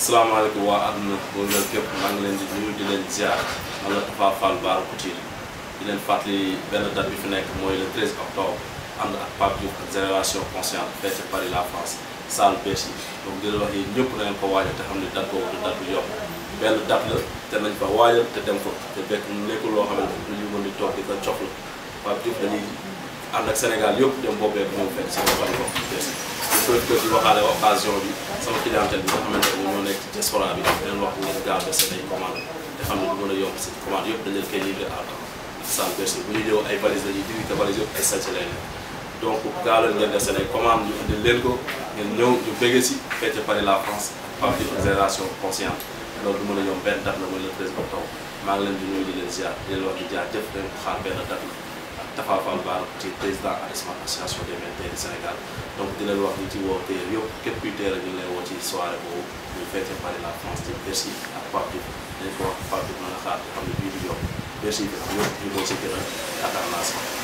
asalaamaaleykum waa àdduna wëngal képp maa ngi leen di nuyu di leen ziar man la Tafa Fall Bara Couture di leen fàttali benn date bi fi nekk mooy le 13 octobre ànd ak Pape Diouf ak génération consciente fee ca Paris la France salle Bercy donc di leen wax yi ñëpp na ngeen ko waajal te xam ne date boobu du date bu yomb benn date la te nañ fa waajal te dem ko te fekk nekkul loo xamante ni ñu mën di toog di ko cof la Pape Diouf dañuy am ak Sénégal yëpp dem boobee bu moom fekk sama bari wax ci Thiès di profité di bi sama clientèle bi nga xamante ne ñoo nekk ci diaspora bi leen wax ngeen gaaw de seen ay commande te xam ne du a yomb si commande la ñuy diri te loolu du mën a yomb benn date la mooy le 13 di jaar jëf dañ ko xaar benn date la Tafa Fall Baar ci président ADESMA association des maires du Sénégal donc di leen wax ni ci woo téer yëpp képp kuy teer ñu ngi lay woo ci soirée boobu ñu feete par la France ci Bercy ak Pape Diouf dañ ko wax Pape Diouf na nga xaar xam ne bii di yokk Bercy bi a yaakaar naa